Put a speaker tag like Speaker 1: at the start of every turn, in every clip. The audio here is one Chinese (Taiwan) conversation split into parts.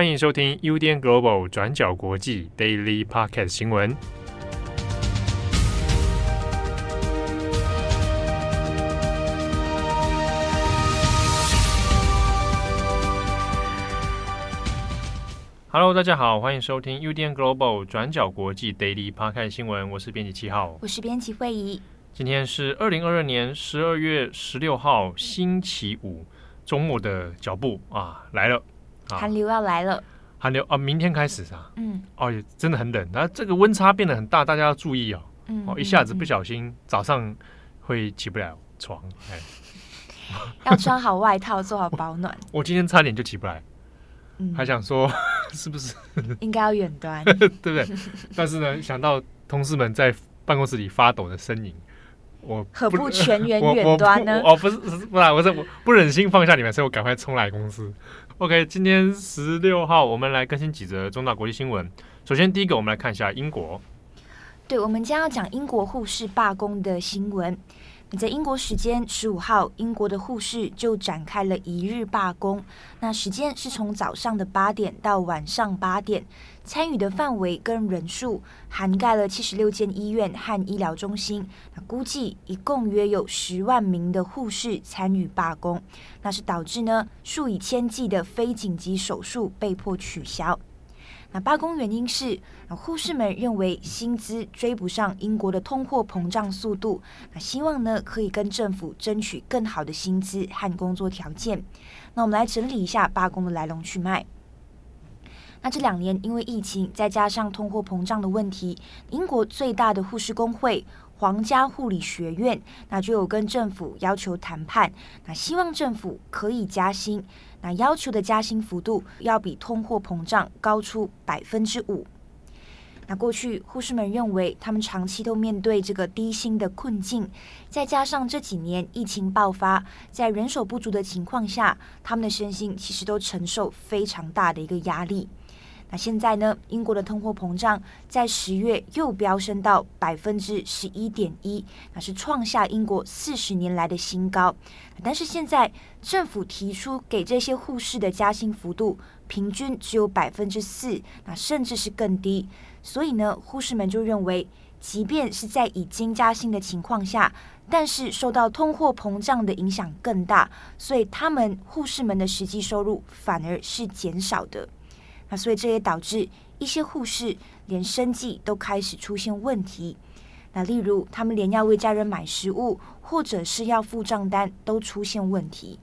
Speaker 1: 歡迎收聽 UDN Global 轉角國際 Daily Podcast 新聞。Hello，大家好，歡迎收聽 UDN Global 轉角國際 Daily Podcast 新聞。我是編輯七號，
Speaker 2: 我是編輯慧儀。
Speaker 1: 今天是二零二二年十二月十六號，星期五，週末的腳步啊來了。寒
Speaker 2: 流要來了，
Speaker 1: 寒流啊、哦！明天開始啊，嗯，哦，也真的很冷。那這個溫差變得很大，大家要注意哦、
Speaker 2: 嗯。哦，一下子
Speaker 1: 不小心早上會起不了床，哎、
Speaker 2: 要穿好外套， 做好保暖。我、
Speaker 1: 我今天差點就起不來，嗯、還想說是不是應
Speaker 2: 該要遠端， 對不對？
Speaker 1: 但是呢，想到同事們在辦公室裡發抖的身影。我可不,不全員遠端呢。我,我,不,我不是不是,不是,不是我是我不忍心放下你們，所以我趕快衝來公司。OK，今天十六號，我們來更新幾則重大國際新聞。首先，第一個，我們來看一下英國。
Speaker 2: 對，我們將要講英國護士罷工的新聞。在英國時間十五號，英國的護士就展開了一日罷工。那時間是從早上的八點到晚上八點。參與的範圍跟人數涵蓋了七十六間醫院和醫療中心。那估計一共約有十萬名的護士參與罷工。那是導致呢數以千計的非緊急手術被迫取消。那罷工原因是，護士們認為薪資追不上英國的通貨膨脹速度，那希望呢可以跟政府爭取更好的薪資和工作條件。那我們來整理一下罷工的來龍去脈。那這兩年因為疫情，再加上通貨膨脹的問題，英國最大的護士工會皇家護理學院，那就有跟政府要求談判，那希望政府可以加薪。那要求的加薪幅度要比通貨膨脹高出百分之五。那過去護士們認為，他們長期都面對這個低薪的困境，再加上這幾年疫情爆發，在人手不足的情況下，他們的身心其實都承受非常大的一個壓力。那現在呢，英國的通貨膨脹在十月又飆升到百分之十一點一，那是創下英國四十年來的新高。但是現在政府提出給這些護士的加薪幅度平均只有百分之四，那甚至是更低。所以呢，護士們就認為，即便是在已經加薪的情況下，但是受到通貨膨脹的影響更大，所以他們護士們的實際收入反而是減少的。那所以這也導致一些護士連生計都開始出現問題。那例如，他們連要為家人買食物，或者是要付賬單都出現問題。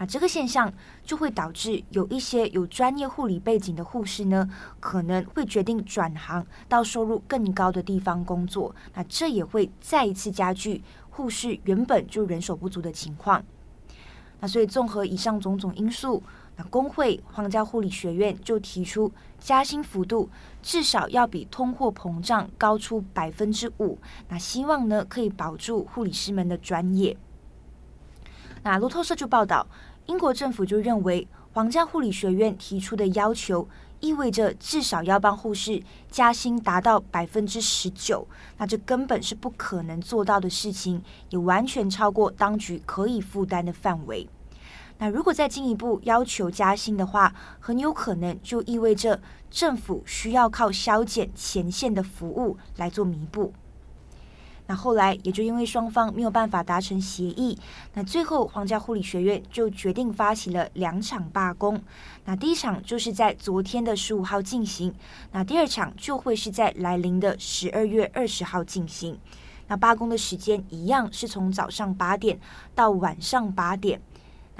Speaker 2: 那這個現象就會導致有一些有專業護理背景的護士呢，可能會決定轉行到收入更高的地方工作。那這也會再一次加劇護士原本就人手不足的情況。那所以，綜合以上種種因素。工會皇家護理學院就提出，加薪幅度至少要比通貨膨脹高出百分之五，那希望呢可以保住護理師們的專業。那路透社就報道，英國政府就認為，皇家護理學院提出的要求，意味着至少要幫護士加薪達到百分之十九，那這根本是不可能做到的事情，也完全超過當局可以負擔的範圍。那如果再進一步要求加薪的話，很有可能就意味着政府需要靠削減前線的服務來做彌補。那後來也就因為雙方沒有辦法達成協議，那最後皇家護理學院就決定發起了兩場罷工。那第一場就是在昨天的十五號進行，那第二場就會是在來臨的十二月二十號進行。那罷工的時間一樣是從早上八點到晚上八點。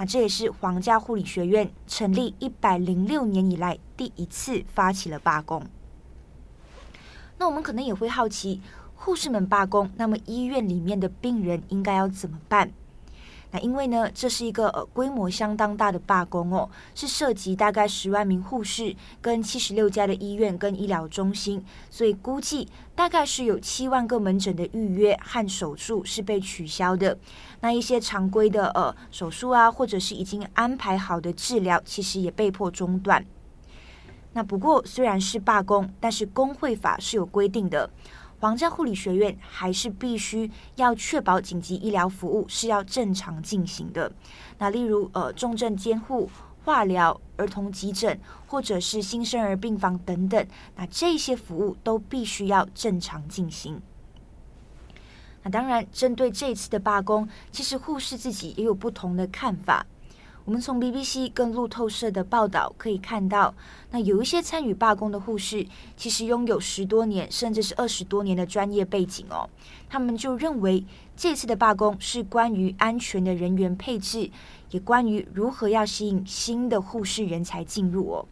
Speaker 2: 那這也是皇家護理學院成立一百零六年以來第一次發起了罷工。那我們可能也會好奇，護士們罷工，那麼醫院裡面的病人應該要怎麼辦？那因為呢，這是一個呃規模相當大的罷工哦，是涉及大概十萬名護士跟七十六家的醫院跟醫療中心，所以估計大概是有七萬個門診的預約和手術是被取消的。那一些常規的呃手術啊，或者是已經安排好的治療，其實也被迫中斷。那不過雖然是罷工，但是工會法是有規定的。皇家護理學院還是必須要確保緊急醫療服務是要正常進行的。那例如，呃，重症監護、化療、兒童急診，或者是新生兒病房等等，那這些服務都必須要正常進行。那當然，針對這次的罷工，其實護士自己也有不同的看法。我們從 BBC 跟路透社的報道可以看到，那有一些參與罷工的護士其實擁有十多年甚至是二十多年的專業背景哦。他們就認為這次的罷工是關於安全的人員配置，也關於如何要吸引新的護士人才進入哦。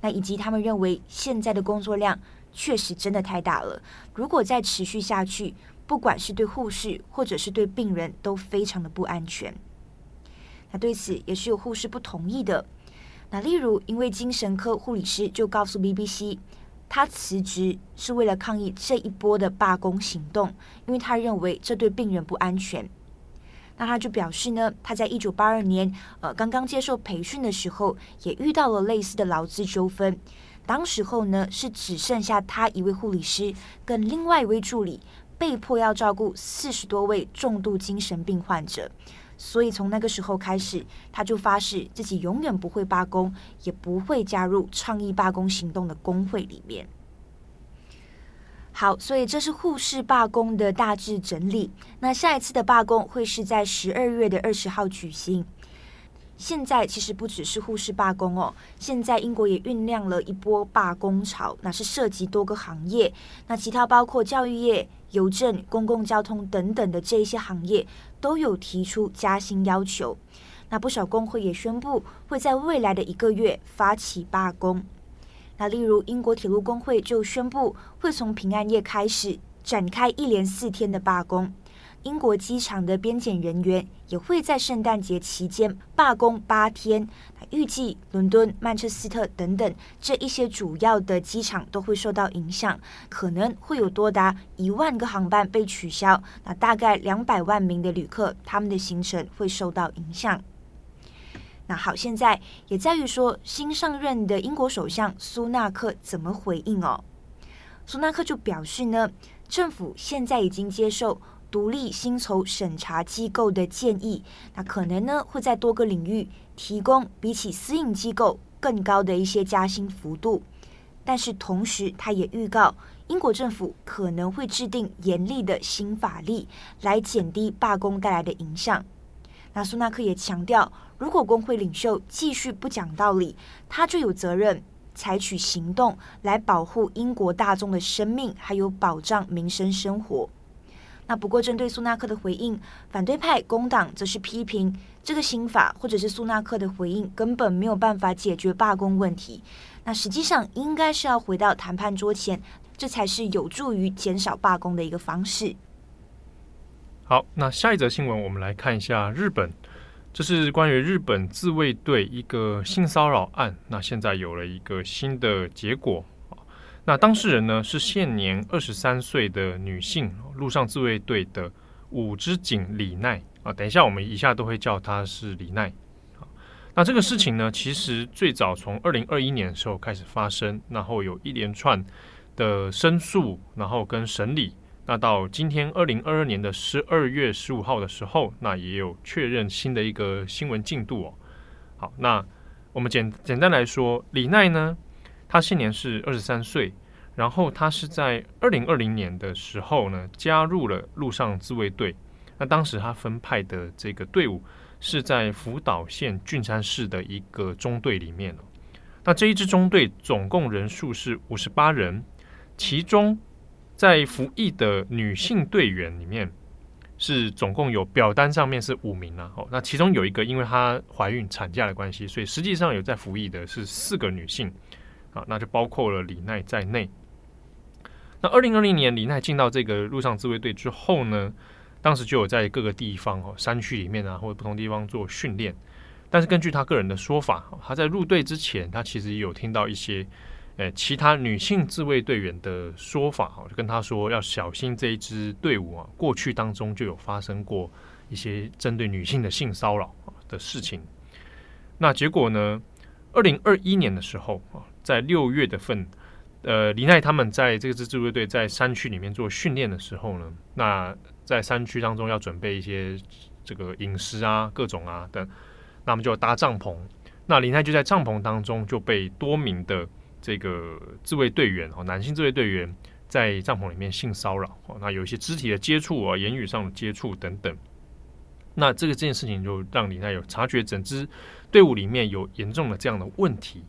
Speaker 2: 那以及他們認為現在的工作量確實真的太大了，如果再持續下去，不管是對護士或者是對病人，都非常的不安全。他對此也是有護士不同意的。那例如，一位精神科護理師就告訴 BBC，他辭職是為了抗議這一波的罷工行動，因為他認為這對病人不安全。那他就表示呢，他在一九八二年呃剛剛接受培訓的時候，也遇到了類似的勞資糾紛。當時候呢是只剩下他一位護理師跟另外一位助理，被迫要照顧四十多位重度精神病患者。所以從那個時候開始，他就發誓自己永遠不會罷工，也不會加入倡議罷工行動的工會裡面。好，所以這是護士罷工的大致整理。那下一次的罷工會是在十二月的二十號舉行。現在其實不只是護士罷工哦，現在英國也醞釀了一波罷工潮，那是涉及多個行業。那其他包括教育業、郵政、公共交通等等的這一些行業。都有提出加薪要求，那不少工會也宣布會在未來的一個月發起罷工。那例如英國鐵路工會就宣布會從平安夜開始展開一連四天的罷工。英國機場的邊檢人員也會在聖誕節期間罷工八天。預計倫敦、曼徹斯特等等這一些主要的機場都會受到影響，可能會有多達一萬個航班被取消。那大概兩百萬名的旅客，他們的行程會受到影響。那好，現在也在於說新上任的英國首相蘇納克怎麼回應哦？蘇納克就表示呢，政府現在已經接受。獨立薪酬審查機構的建議，那可能呢會在多個領域提供比起私營機構更高的一些加薪幅度。但是同時，他也預告英國政府可能會制定嚴厲的新法律來減低罷工帶來的影響。那蘇納克也強調，如果工會領袖繼續不講道理，他就有責任採取行動來保護英國大眾的生命，還有保障民生生活。那不過，針對蘇納克的回應，反對派工黨則是批評這個新法，或者是蘇納克的回應根本沒有辦法解決罷工問題。那實際上應該是要回到談判桌前，這才是有助於減少罷工的一個方式。
Speaker 1: 好，那下一則新聞，我們來看一下日本，這是關於日本自衛隊一個性騷擾案，那現在有了一個新的結果。那當事人呢是現年二十三歲的女性，陸上自衛隊的五之井李奈啊。等一下，我們一下都會叫她是李奈。那這個事情呢，其實最早從二零二一年的時候開始發生，然後有一連串的申訴，然後跟審理。那到今天二零二二年的十二月十五號的時候，那也有確認新的一個新聞進度哦。好，那我們簡簡單來說，李奈呢，她現年是二十三歲。然後他是在二零二零年的時候呢，加入了陸上自衛隊。那當時他分派的這個隊伍是在福島縣郡山市的一個中隊裡面。那這一支中隊總共人數是五十八人，其中在服役的女性隊員裡面是總共有表單上面是五名。然後啊，那其中有一個因為她懷孕產假的關係，所以實際上有在服役的是四個女性啊，那就包括了李奈在內。那二零二零年，李奈進到這個陸上自衛隊之後呢，當時就有在各個地方哦，山區裡面啊，或者不同地方做訓練。但是根據他個人的說法，他在入隊之前，他其實也有聽到一些、呃、其他女性自衛隊員的說法，就跟他說要小心這一支隊伍啊，過去當中就有發生過一些針對女性的性騷擾的事情。那結果呢？二零二一年的時候啊，在六月的份。呃，林奈他們在這個支自衛隊在山區裡面做訓練的時候呢，那在山區當中要準備一些這個飲食啊、各種啊等，那麼就搭帳篷。那林奈就在帳篷當中就被多名的這個自衛隊員哦，男性自衛隊員在帳篷裡面性騷擾哦，那有一些肢體的接觸啊、言語上的接觸等等。那這個這件事情就讓林奈有察覺整支隊伍裡面有嚴重的這樣的問題。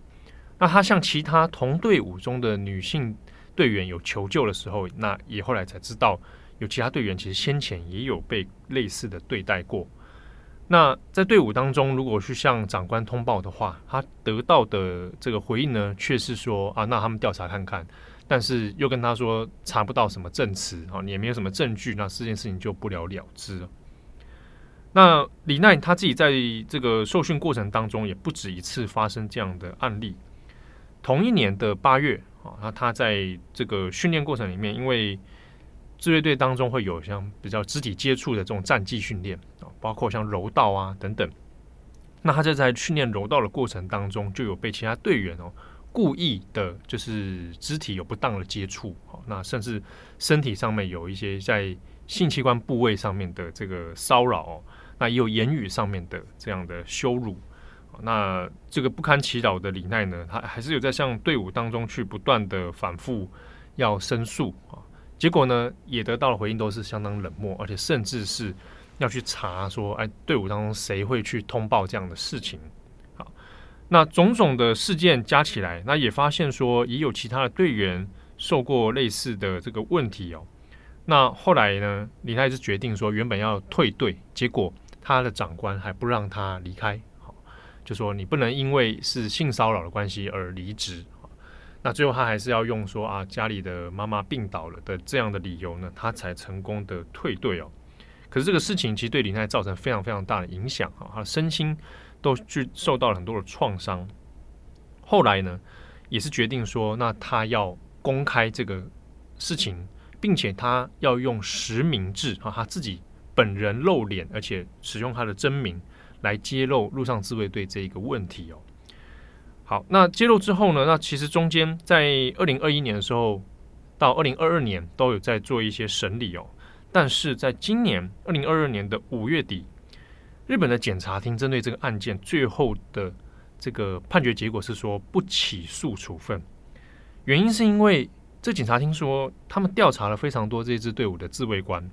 Speaker 1: 那他向其他同隊伍中的女性隊員有求救的時候，那也後來才知道有其他隊員其實先前也有被類似的對待過。那在隊伍當中，如果去向長官通報的話，他得到的這個回應呢，卻是說啊，那他們調查看看，但是又跟他說查不到什麼證詞啊，你也沒有什麼證據，那這件事情就不了了之了。那李奈她自己在這個受訓過程當中，也不止一次發生這樣的案例。同一年的八月，啊，那他在這個訓練過程裡面，因為自衛隊當中會有像比較肢體接觸的這種戰技訓練啊，包括像柔道啊等等。那他就在訓練柔道的過程當中，就有被其他隊員哦故意的，就是肢體有不當的接觸，那甚至身體上面有一些在性器官部位上面的這個騷擾，那也有言語上面的這樣的羞辱。那這個不堪其擾的李奈呢，他還是有在向隊伍當中去不斷的反覆要申訴啊，結果呢也得到的回應，都是相當冷漠，而且甚至是要去查說，哎，隊伍當中誰會去通報這樣的事情？好，那種種的事件加起來，那也發現說也有其他的隊員受過類似的這個問題哦。那後來呢，李奈就決定說原本要退隊，結果他的長官還不讓他離開。就說你不能因為是性騷擾的關係而離職，那最後他還是要用說啊家裡的媽媽病倒了的這樣的理由呢，他才成功的退隊哦。可是這個事情其實對李奈造成非常非常大的影響哈，他的身心都去受到了很多的創傷。後來呢，也是決定說，那他要公開這個事情，並且他要用實名制啊，他自己本人露臉，而且使用他的真名。來揭露陸上自衛隊這一個問題哦。好，那揭露之後呢？那其實中間在二零二一年的時候到二零二二年都有在做一些審理哦。但是在今年二零二二年的五月底，日本的檢察廳針對這個案件最後的這個判決結果是說不起訴處分。原因是因為這檢察廳說他們調查了非常多這支隊伍的自衛官，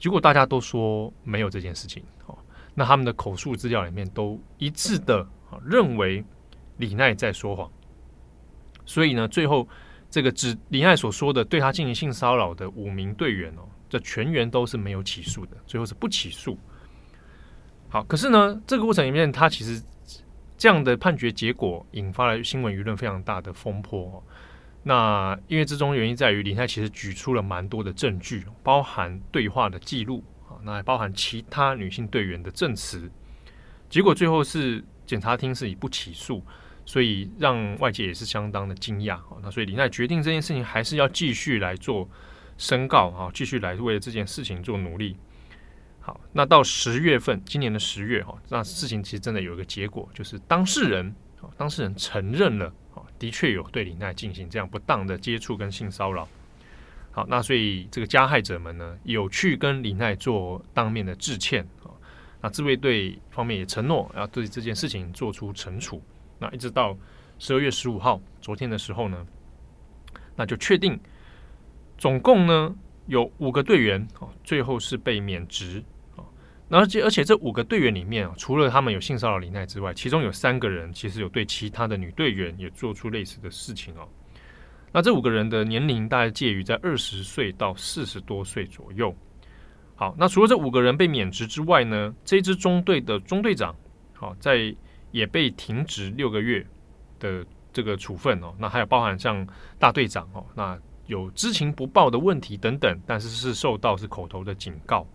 Speaker 1: 結果大家都說沒有這件事情哦。那他們的口述資料裡面都一致的認為李奈在說謊，所以呢，最後這個指李奈所說的對他進行性騷擾的五名隊員哦，這全員都是沒有起訴的，最後是不起訴。好，可是呢，這個過程裡面，他其實這樣的判決結果引發了新聞輿論非常大的風波，哦。那因為之中原因在於李奈其實舉出了蠻多的證據，包含對話的記錄。那還包含其他女性隊員的證詞，結果最後是檢察廳是以不起訴，所以讓外界也是相當的驚訝。那所以李奈決定這件事情還是要繼續來做申告啊，繼續來為了這件事情做努力。好，那到十月份，今年的十月，哈，那事情其實真的有一個結果，就是當事人，當事人承認了，的確有對李奈進行這樣不當的接觸跟性騷擾。好，那所以這個加害者們呢，有去跟李奈做當面的致歉啊，哦，那自衛隊方面也承諾要對這件事情做出懲處。那一直到十二月十五號，昨天的時候呢，那就確定，總共呢有五個隊員啊，哦，最後是被免職啊。那，哦，而且這五個隊員裡面啊，除了他們有性騷擾李奈之外，其中有三個人其實有對其他的女隊員也做出類似的事情哦。那這五個人的年齡大概介於在二十歲到四十多歲左右。好，那除了這五個人被免職之外呢，這支中隊的中隊長，好、哦，在也被停職六個月的這個處分哦。那還有包含像大隊長哦，那有知情不報的問題等等，但是是受到是口頭的警告。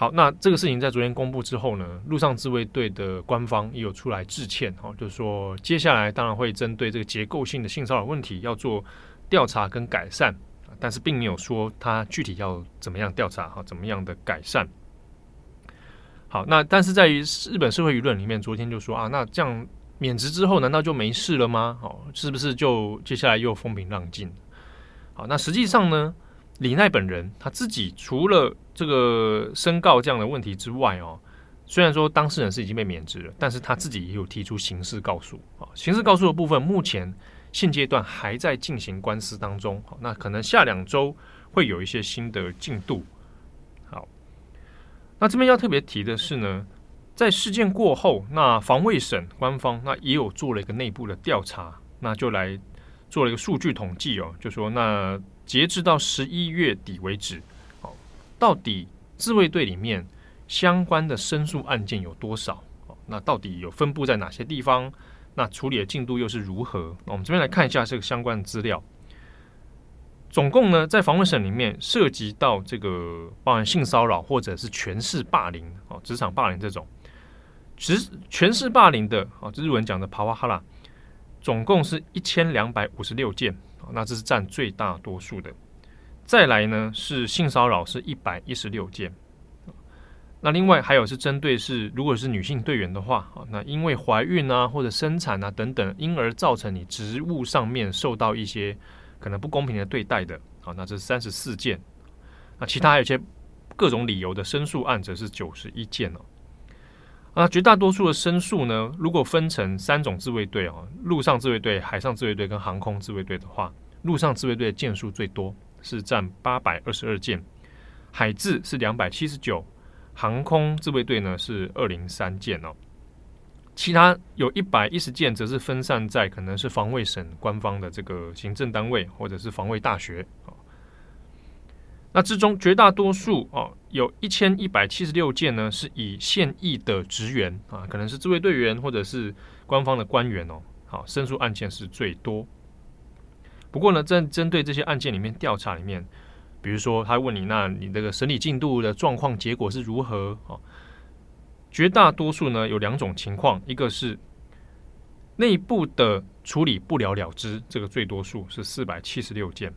Speaker 1: 好，那這個事情在昨天公布之後呢，陸上自衛隊的官方也有出來致歉，哈、哦，就是說接下來當然會針對這個結構性的性騷擾問題要做調查跟改善，但是並沒有說他具體要怎麼樣調查，哈、哦，怎麼樣的改善。好，那但是在於日本社會輿論裡面，昨天就說啊，那這樣免職之後難道就沒事了嗎？好、哦，是不是就接下來又風平浪靜？好，那實際上呢，李奈本人他自己除了。這個申告這樣的問題之外哦，雖然說當事人是已經被免職了，但是他自己也有提出刑事告訴啊。刑事告訴的部分，目前現階段還在進行官司當中啊。那可能下兩週會有一些新的進度。好，那這邊要特別提的是呢，在事件過後，那防衛省官方那也有做了一個內部的調查，那就來做了一個數據統計哦，就說那截止到十一月底為止。到底自衛隊裡面相關的申訴案件有多少？哦，那到底有分布在哪些地方？那處理的進度又是如何？那我們這邊來看一下這個相關的資料。總共呢，在防衛省裡面涉及到這個，包含性騷擾或者是權勢霸凌、哦，職場霸凌這種，職權勢霸凌的哦，日文講的パワハラ，總共是一千兩百五十六件。那這是占最大多數的。再來呢，是性騷擾是一百一十六件，那另外還有是針對是如果是女性隊員的話啊，那因為懷孕啊或者生產啊等等，因而造成你職務上面受到一些可能不公平的對待的啊，那這是三十四件，那其他還有一些各種理由的申訴案則是九十一件哦，啊絕大多數的申訴呢，如果分成三種自衛隊哦，陸上自衛隊、海上自衛隊跟航空自衛隊的話，陸上自衛隊的件數最多。是佔八百二十二件，海自是兩百七十九，航空自衛隊呢是二零三件哦，其他有一百一十件則是分散在可能是防衛省官方的這個行政單位或者是防衛大學哦。那之中絕大多數哦，有一千一百七十六件呢是以現役的職員啊，可能是自衛隊員或者是官方的官員哦，好，啊，申訴案件是最多。不過呢，在針對這些案件裡面調查裡面，比如說他問你，那你這個審理進度的狀況、結果是如何？哦，絕大多數呢有兩種情況，一個是內部的處理不了了之，這個最多數是四百七十六件。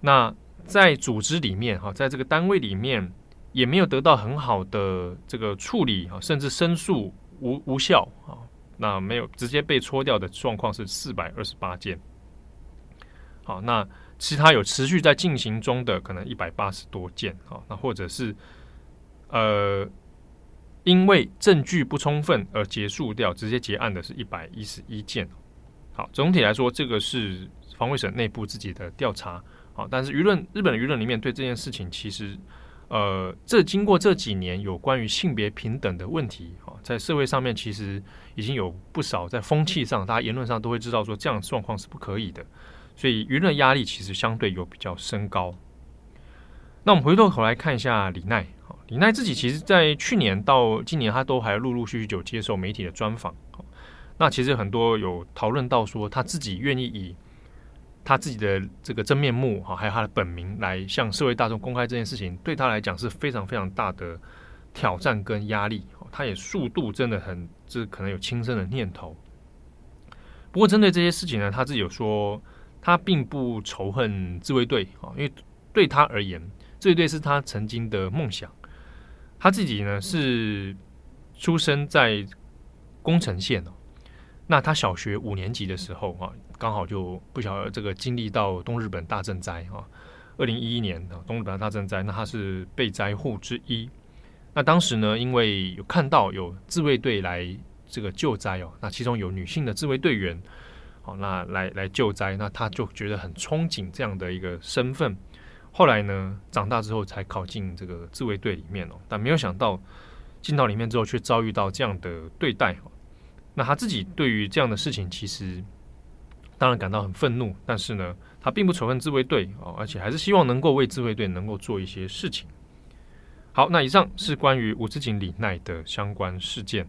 Speaker 1: 那在組織裡面哈，在這個單位裡面也沒有得到很好的這個處理啊，甚至申訴無無效啊，那沒有直接被戳掉的狀況是四百二十八件。好，那其他有持續在進行中的可能一百八十多件，好、啊，那或者是呃，因為證據不充分而結束掉，直接結案的是一百一十一件。好，總體來說，這個是防衛省內部自己的調查，好、啊，但是輿論，日本的輿論裡面對這件事情，其實呃，這經過這幾年有關於性別平等的問題，哈、啊，在社會上面其實已經有不少在風氣上，大家言論上都會知道說，這樣的狀況是不可以的。所以輿論壓力其實相對有比較升高。那我們回過頭來看一下李奈，李奈自己其實，在去年到今年，他都還陸陸續續有接受媒體的專訪。那其實很多有討論到說，他自己願意以他自己的這個真面目哈，還有他的本名來向社會大眾公開這件事情，對他來講是非常非常大的挑戰跟壓力。他也數度真的很，就是可能有輕生的念頭。不過針對這些事情呢，他自己有說。他並不仇恨自衛隊啊，因為對他而言，自衛隊是他曾經的夢想。他自己呢是出生在宮城縣，那他小學五年級的時候啊，剛好就不曉得這個經歷到東日本大震災2二零一一年東日本大震災，那他是被災戶之一。那當時呢，因為有看到有自衛隊來這個救災哦，那其中有女性的自衛隊員。好，那來來救災，那他就覺得很憧憬這樣的一個身份。後來呢，長大之後才考進這個自衛隊裡面哦，但沒有想到進到裡面之後，卻遭遇到這樣的對待哦。那他自己對於這樣的事情，其實當然感到很憤怒，但是呢，他並不仇恨自衛隊哦，而且還是希望能夠為自衛隊能夠做一些事情。好，那以上是關於五之井里奈的相關事件。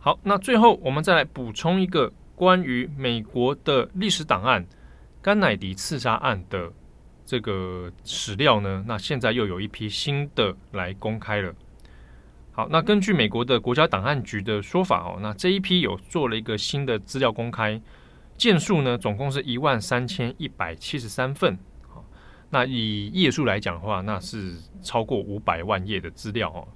Speaker 1: 好，那最後我們再來補充一個關於美國的歷史檔案——甘迺迪刺殺案的這個史料呢，那現在又有一批新的來公開了。好，那根據美國的國家檔案局的說法哦，那這一批有做了一個新的資料公開，件數呢，總共是一萬三千一百七十三份。好，那以頁數來講的話，那是超過五百萬頁的資料哦。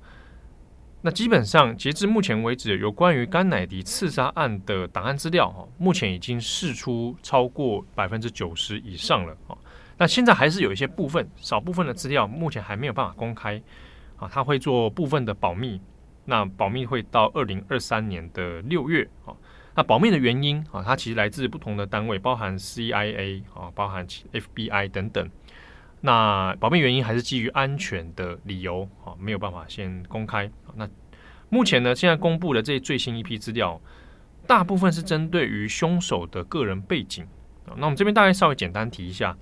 Speaker 1: 那基本上，截至目前為止，有關於甘迺迪刺殺案的檔案資料，哈，目前已經釋出超過百分之九十以上了，啊，那現在還是有一些部分，少部分的資料，目前還沒有辦法公開，啊，他會做部分的保密，那保密會到二零二三年的六月，啊，那保密的原因，啊，它其實來自不同的單位，包含 CIA，啊，包含 FBI 等等。那保密原因還是基於安全的理由，啊，沒有辦法先公開。那目前呢，現在公布的這最新一批資料，大部分是針對於兇手的個人背景。啊，那我們這邊大概稍微簡單提一下，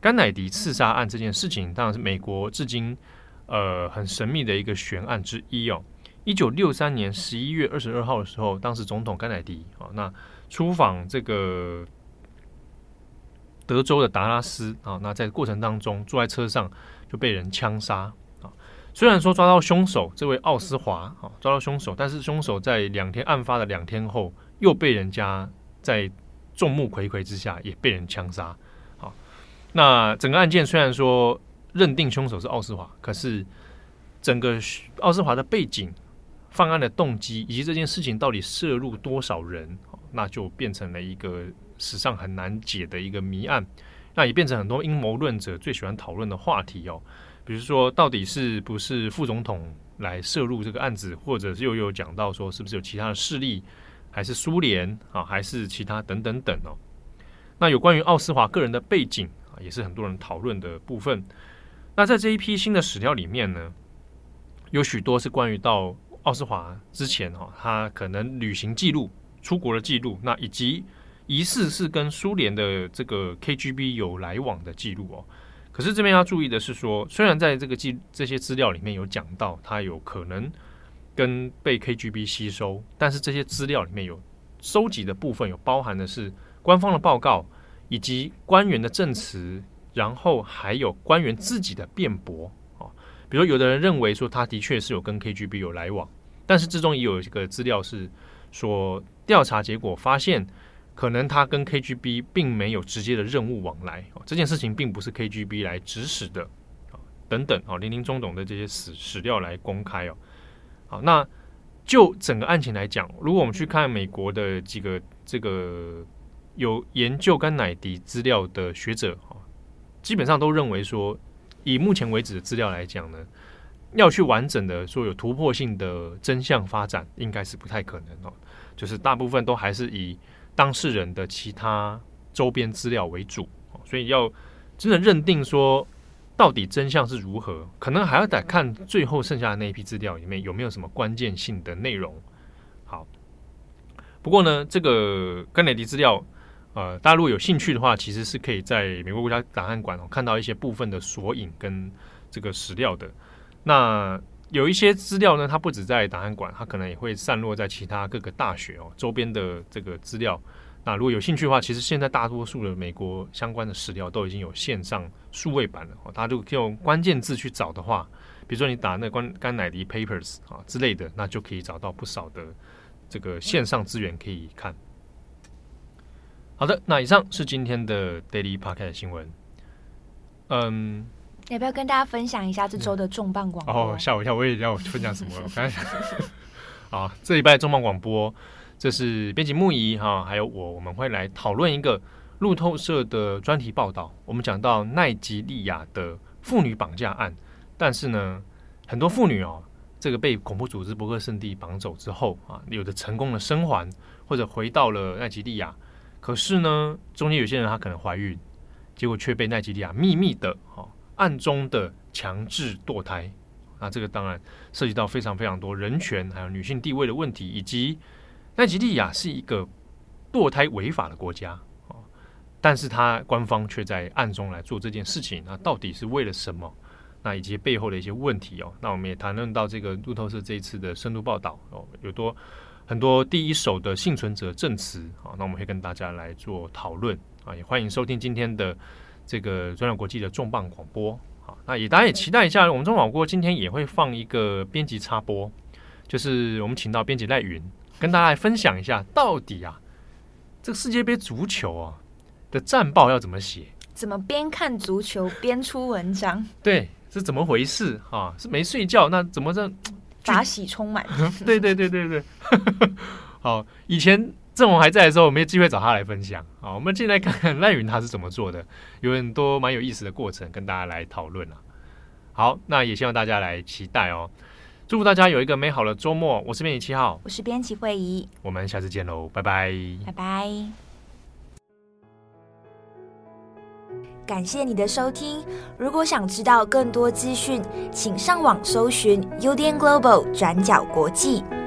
Speaker 1: 甘迺迪刺殺案這件事情，當然是美國至今呃很神秘的一個懸案之一哦。一九六三年十一月二十二號的時候，當時總統甘迺迪啊，那出訪這個。德州的達拉斯啊，那在過程當中坐在車上就被人槍殺啊。雖然說抓到兇手這位奧斯華啊，抓到兇手，但是兇手在兩天案發的兩天後又被人家在眾目睽睽之下也被人槍殺啊。那整個案件雖然說認定兇手是奧斯華，可是整個奧斯華的背景、犯案的動機以及這件事情到底涉入多少人，那就變成了一個。史上很難解的一個謎案，那也變成很多陰謀論者最喜歡討論的話題哦。比如說，到底是不是副總統來涉入這個案子，或者是又有講到說，是不是有其他的勢力，還是蘇聯啊，還是其他等等等哦。那有關於奧斯華個人的背景啊，也是很多人討論的部分。那在這一批新的史料裡面呢，有許多是關於到奧斯華之前哈，啊，他可能旅行記錄、出國的記錄，那以及。疑似是跟蘇聯的這個 KGB 有來往的記錄哦。可是這邊要注意的是說，雖然在這個記這些資料裡面有講到他有可能跟被 KGB 吸收，但是這些資料裡面有收集，的部分有包含的是官方的報告以及官員的證詞，然後還有官員自己的辯駁哦。比如有的人認為說他的確是有跟 KGB 有來往，但是之中也有一個資料是說，調查結果發現。可能他跟 KGB 並沒有直接的任務往來哦，這件事情並不是 KGB 來指使的，哦、等等啊，林林總總的這些史史料來公開哦，好，哦，那就整個案情來講，如果我們去看美國的幾個這個有研究甘迺迪資料的學者，哦、基本上都認為說，以目前為止的資料來講呢，要去完整的說有突破性的真相發展，應該是不太可能哦，就是大部分都還是以。當事人的其他周邊資料為主，所以要真的認定說到底真相是如何，可能還要得看最後剩下的那一批資料裡面有沒有什麼關鍵性的內容。好，不過呢，這個甘迺迪資料，呃，大家如果有興趣的話，其實是可以在美國國家檔案館、哦、看到一些部分的索引跟這個史料的。那有一些資料呢，它不止在檔案館，它可能也會散落在其他各個大學哦周邊的這個資料。那如果有興趣的話，其實現在大多數的美國相關的史料都已經有線上數位版了、哦。大家如果用關鍵字去找的話，比如說你打那關甘迺迪 papers 啊、哦、之類的，那就可以找到不少的這個線上資源可以看。好的，那以上是今天的 Daily Podcast 的新聞。嗯。
Speaker 2: 要不要跟大家分享一下這周的重磅廣播？哦，
Speaker 1: 嚇我一跳，我也要分享什麼了？
Speaker 2: 好，
Speaker 1: 這禮拜重磅廣播，這是編輯木儀哈、啊，還有我，我們會來討論一個路透社的專題報道。我們講到奈及利亞的婦女綁架案，但是呢，很多婦女哦，這個被恐怖組織伯克聖地綁走之後啊，有的成功的生還，或者回到了奈及利亞，可是呢，中間有些人她可能懷孕，結果卻被奈及利亞秘密的哈。啊暗中的強制墮胎，那這個當然涉及到非常非常多人權還有女性地位的問題，以及奈及利亞是一個墮胎違法的國家啊，但是他官方卻在暗中來做這件事情，那到底是為了什麼？那以及背後的一些問題哦，那我們也談論到這個路透社這一次的深度報道哦，有多很多第一手的幸存者證詞啊，那我們會跟大家來做討論啊，也歡迎收聽今天的。這個轉角國際的重磅廣播，那也大家也期待一下，我們中廣國今天也會放一個編輯插播，就是我們請到編輯賴雲跟大家來分享一下，到底啊這個世界杯足球啊的戰報要怎麼寫，
Speaker 2: 怎麼邊看足球邊出文章？
Speaker 1: 對，是怎麼回事啊？是沒睡覺？那怎麼這
Speaker 2: 把喜充滿？對
Speaker 1: 對對對對。呵呵好，以前。正宏還在的時候，我沒機會找他來分享。好，我們進來看看賴雲他是怎麼做的，有很多蠻有意思的過程跟大家來討論啊。好，那也希望大家來期待哦。祝福大家有一個美好的週末。我是編輯七號，我是編輯慧儀。我們下次見嘍，拜拜，拜
Speaker 2: 拜。感謝你的收聽。如果想知道更多資訊，請上網搜尋 UDN Global 轉角國際。